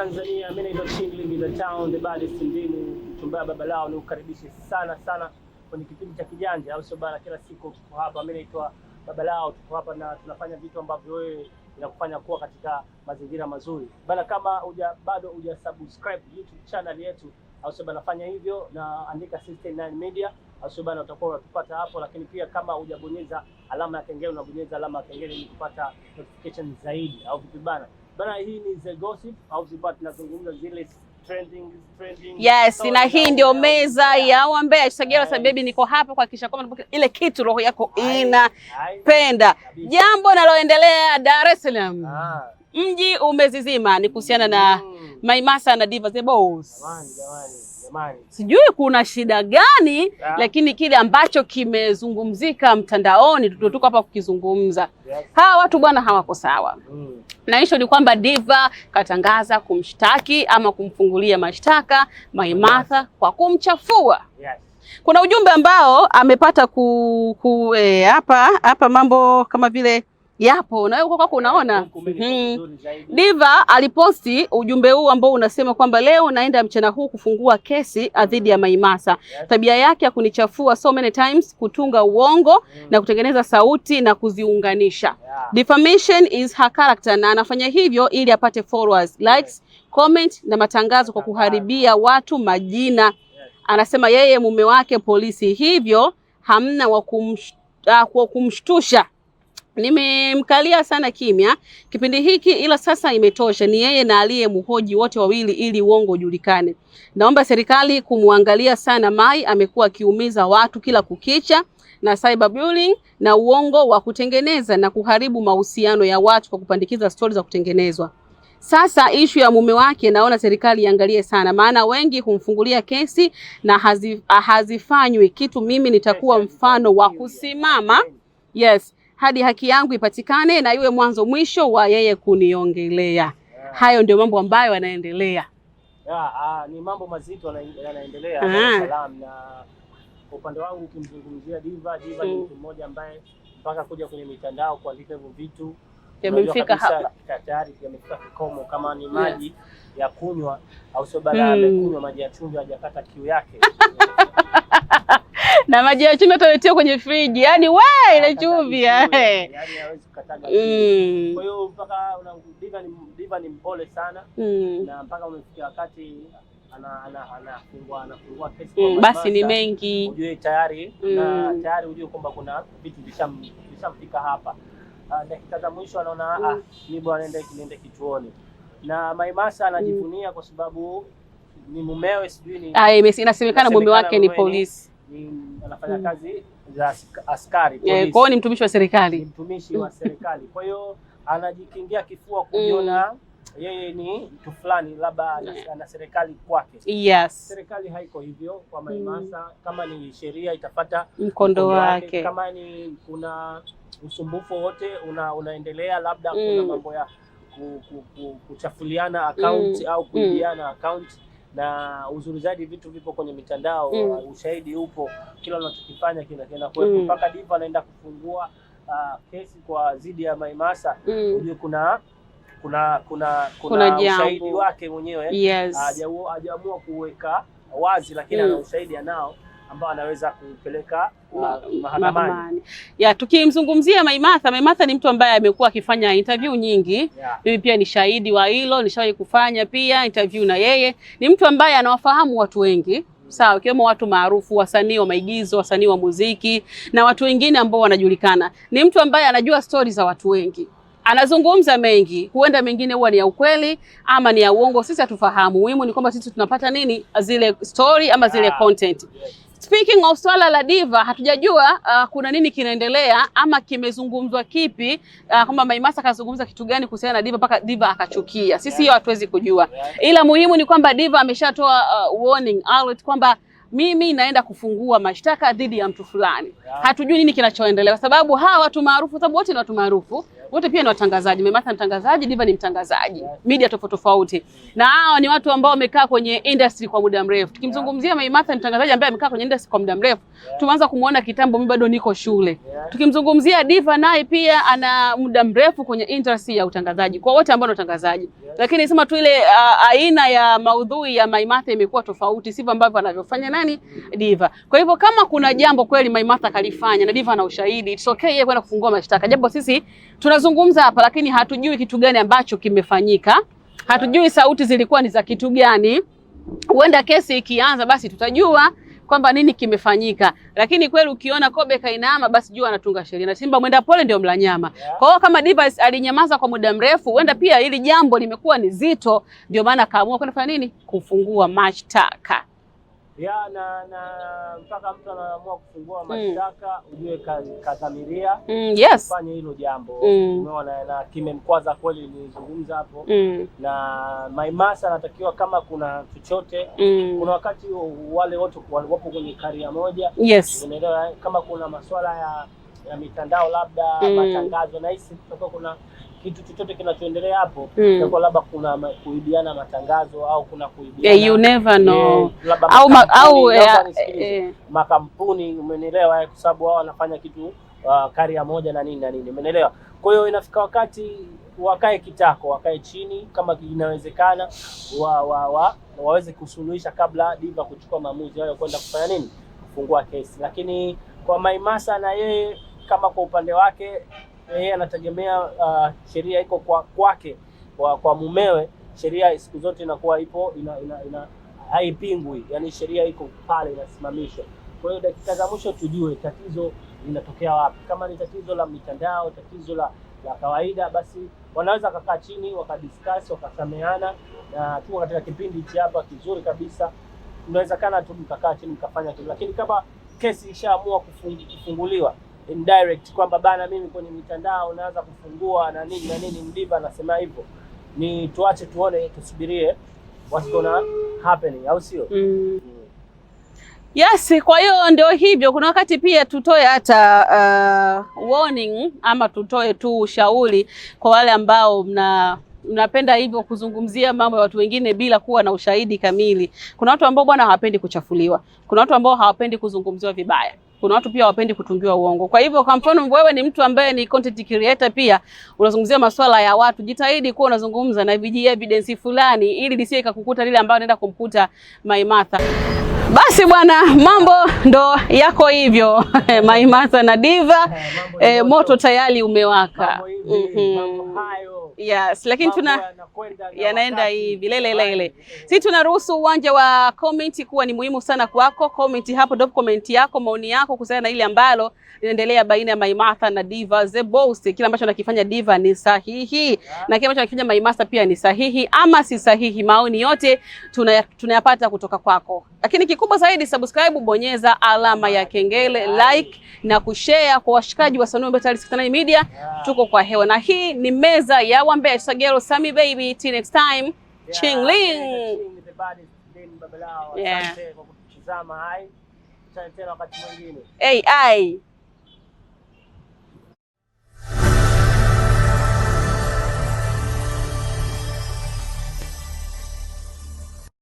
Tanzania, mimi naitwa Chingling the Town, the baddest ndimu mtumbea baba lao, ni ukaribishi sana sana kwenye kipindi cha Kijanja, au sio bana? Kila siku tuko hapa, mimi naitwa baba lao, tuko hapa na tunafanya vitu ambavyo wewe inakufanya kuwa katika mazingira mazuri bana. Kama uja, bado huja subscribe YouTube channel yetu, au sio bana, fanya hivyo na andika 69 Media, au sio bana, utakuwa unatupata hapo. Lakini pia kama hujabonyeza alama ya kengele, unabonyeza alama ya kengele ili kupata notification zaidi, au vipi bana? Bana, hii ni the gossip house but nazungumza zile trending trending. Yes, na hii ndio meza ya Wambea Isagera, sababu niko hapa kuhakikisha kwamba ile kitu roho yako inapenda. Jambo linaloendelea Dar es Salaam ah. mji umezizima, ni kuhusiana na mm. Maimasa na Diva the Boss. Jamani, jamani. Sijui kuna shida gani yeah. Lakini kile ambacho kimezungumzika mtandaoni tuko mm. hapa kukizungumza yes. Hawa watu bwana hawako sawa mm. Na hicho ni kwamba Diva katangaza kumshtaki ama kumfungulia mashtaka Maimartha yes. kwa kumchafua yes. Kuna ujumbe ambao amepata ku, ku, eh, hapa hapa mambo kama vile yapo na wewe kwako unaona. Hmm. Diva aliposti ujumbe huu ambao unasema kwamba leo naenda mchana huu kufungua kesi ah, dhidi ya Maimasa. Tabia yake ya kunichafua so many times, kutunga uongo hmm. na kutengeneza sauti na kuziunganisha. Defamation is her character, na anafanya hivyo ili apate followers, likes, comment na matangazo kwa kuharibia watu majina. Anasema yeye mume wake polisi, hivyo hamna wa ah, kumshtusha Nimemkalia sana kimya kipindi hiki, ila sasa imetosha. Ni yeye na aliye mhoji wote wawili, ili uongo ujulikane. Naomba serikali kumwangalia sana Mai, amekuwa akiumiza watu kila kukicha na cyberbullying na uongo wa kutengeneza na kuharibu mahusiano ya watu kwa kupandikiza stori za kutengenezwa. Sasa ishu ya mume wake naona serikali iangalie sana, maana wengi humfungulia kesi na hazifanywi kitu. Mimi nitakuwa mfano wa kusimama yes hadi haki yangu ipatikane na iwe mwanzo mwisho wa yeye kuniongelea. Yeah. Hayo ndio mambo ambayo yanaendelea. Yeah, uh, ni mambo mazito yanaendelea uh ah. -huh. Salaam na kwa upande wangu ukimzungumzia Diva, Diva mm. ni hmm. mtu mmoja ambaye mpaka kuja kwenye mitandao kuandika hivyo vitu yamemfika hapa tayari, yamefika kikomo. Kama ni maji yes. ya kunywa au sio, baada hmm. amekunywa mm. maji ya chumvi, hajakata kiu yake na maji ya chumvi ataletea kwenye friji, yaani we ile chumvi eh. yaani, mm. ana, ana, ana, fungua, ana, fungua mm, basi ni mengi ujue tayari mm. na tayari ujue kwamba kuna vitu vishamfika hapa. Uh, dakika za mwisho anaona ah, mm. ah, ni bwana nenda kituoni, na Maimasa anajivunia mm. kwa sababu ni mumewe, sijui ni ah, inasemekana mume wake ni polisi anafanya hmm. kazi za askari eh, polisi. Kwa hiyo ni mtumishi wa serikali, mtumishi wa serikali. Kwa hiyo anajikingia kifua hmm. kujiona yeye ni mtu fulani, labda ana serikali kwake. Yes. Serikali haiko hivyo kwa Maimasa mm. Kama ni sheria itapata mkondo wake, kama ni kuna usumbufu wote una, unaendelea labda mm. kuna hmm. mambo ya kuchafuliana account mm. au kuibiana mm. account na uzuri zaidi vitu vipo kwenye mitandao mm. Uh, ushahidi upo, kila unachokifanya kinaenda kwetu mm. mpaka mm. Diva anaenda kufungua uh, kesi kwa dhidi ya Maimasa mm. Ujue kuna kuna kuna kuna, kuna ushahidi wake mwenyewe yes. Hajaamua kuweka wazi, lakini mm. ana ushahidi anao ambao anaweza kupeleka uh, mahakamani. Ya, tukimzungumzia Maimatha, Maimatha ni mtu ambaye amekuwa akifanya interview nyingi. Mimi pia ni shahidi wa hilo, nishawahi kufanya pia interview na yeye. Ni mtu ambaye anawafahamu watu wengi sawa ikiwemo watu maarufu, wasanii wa maigizo, wasanii wa muziki na watu wengine ambao wanajulikana. Ni mtu ambaye anajua stori za watu wengi, anazungumza mengi, huenda mengine huwa ni ya ukweli ama ni ya uongo, sisi hatufahamu. Muhimu ni kwamba sisi tunapata nini, zile story ama zile ah, content. Speaking of swala la Diva, hatujajua uh, kuna nini kinaendelea ama kimezungumzwa kipi uh, kwamba Maimasa kazungumza kitu gani kuhusiana na Diva mpaka Diva akachukia. Sisi hiyo hatuwezi kujua Ila muhimu ni kwamba Diva ameshatoa uh, warning alert kwamba mimi naenda kufungua mashtaka dhidi ya mtu fulani yeah. Hatujui nini kinachoendelea kwa sababu hawa watu maarufu, sababu wote ni watu maarufu yeah wote pia ni watangazaji. Memata mtangazaji, Diva ni mtangazaji, media tofauti tofauti, na hawa ni watu ambao wamekaa kwenye industry kwa muda mrefu. Tukimzungumzia Memata, mtangazaji ambaye amekaa kwenye industry kwa muda mrefu, tumeanza kumuona kitambo, mimi bado niko shule. Tukimzungumzia Diva, naye pia ana muda mrefu kwenye industry ya utangazaji, kwa wote ambao ni watangazaji lakini sema tu ile aina ya maudhui ya Maimartha imekuwa tofauti, sivyo ambavyo anavyofanya nani Diva. Kwa hivyo kama kuna jambo kweli Maimartha kalifanya na Diva ana ushahidi, it's okay yeye kwenda kufungua mashtaka, japo sisi tunazungumza hapa, lakini hatujui kitu gani ambacho kimefanyika, hatujui sauti zilikuwa ni za kitu gani. Huenda kesi ikianza, basi tutajua kwamba nini kimefanyika, lakini kweli ukiona kobe kainama, basi jua anatunga sheria na simba mwenda pole ndio mla nyama. Kwa hiyo kama Divas alinyamaza kwa muda mrefu, huenda pia hili jambo limekuwa ni zito, ndio maana akaamua kwenda fanya nini, kufungua mashtaka ya na na mpaka mtu anaamua kufungua mm. mashtaka mm. Ujue kadhamiria ka mm, yes. fanye hilo jambo mm. na kimemkwaza kweli, nilizungumza hapo mm. Na Maimasa anatakiwa kama kuna chochote mm. Kuna wakati wale wote wapo kwenye karia moja yes. Unaelewa, kama kuna masuala ya, ya mitandao labda mm. matangazo na hisi kuna kitu chochote kinachoendelea hapo mm. Kwa labda kuna ma, kuibiana matangazo au kuna kuibiana yeah, you never mm, know yeah, au au eh, eh. makampuni umeelewa, eh, kwa sababu wao wanafanya kitu uh, karia moja na nini na nini umeelewa. Kwa hiyo inafika wakati wakae kitako, wakae chini, kama inawezekana wa, wa, wa, waweze kusuluhisha kabla Diva kuchukua maamuzi hayo kwenda kufanya nini, kufungua kesi. Lakini kwa Maimasa na yeye kama kwa upande wake yeye anategemea uh, sheria iko kwa kwake kwa, kwa mumewe, sheria siku zote inakuwa ipo ina, ina, ina haipingwi, yani sheria iko pale inasimamishwa. Kwa hiyo dakika za mwisho tujue tatizo linatokea wapi. Kama ni tatizo la mitandao, tatizo la la kawaida, basi wanaweza wakakaa chini wakadiscuss, wakasameana na tuko katika kipindi hichi hapa kizuri kabisa, unawezekana tu mkakaa chini mkafanya kitu, lakini kama kesi ishaamua kufunguliwa indirect kwamba bana, mimi kwenye mitandao naanza kufungua na nini na nini. Mdiva anasema hivyo, ni tuache tuone, tusubirie what's gonna happening, au sio? mm. Yes, kwa hiyo ndio hivyo. Kuna wakati pia tutoe hata uh, warning ama tutoe tu ushauri kwa wale ambao mna mnapenda hivyo kuzungumzia mambo ya watu wengine bila kuwa na ushahidi kamili. Kuna watu ambao bwana hawapendi kuchafuliwa, kuna watu ambao hawapendi kuzungumziwa vibaya kuna watu pia wapendi kutungiwa uongo. Kwa hivyo kwa mfano wewe ni mtu ambaye ni content creator pia unazungumzia masuala ya watu, jitahidi kuwa unazungumza na viji evidence fulani ili lisiwe ikakukuta lile ambalo naenda kumkuta maimatha Basi bwana, mambo ndo yako hivyo maimatha na Diva, eh, eh moto tayari umewaka mambo hivi, mm -hmm. mambo hayo. Yes, lakini tuna yanaenda hii vilele ile ile. Si tunaruhusu uwanja wa comment kuwa ni muhimu sana kwako. Comment hapo drop comment yako, maoni yako kuhusiana na ile ambalo inaendelea baina ya Maimartha na Diva The Boss. Kila ambacho anakifanya Diva ni sahihi yeah, na kile ambacho anakifanya Maimartha pia ni sahihi ama si sahihi. Maoni yote tunayapata tuna kutoka kwako, lakini kikubwa zaidi subscribe, bonyeza alama ya kengele, like na kushare kwa washikaji wa Sanua Media. yeah. Tuko kwa hewa na hii ni meza ya nakwambia Shagero Sami baby, till next time. Yeah, Ching Ling. Yeah. AI.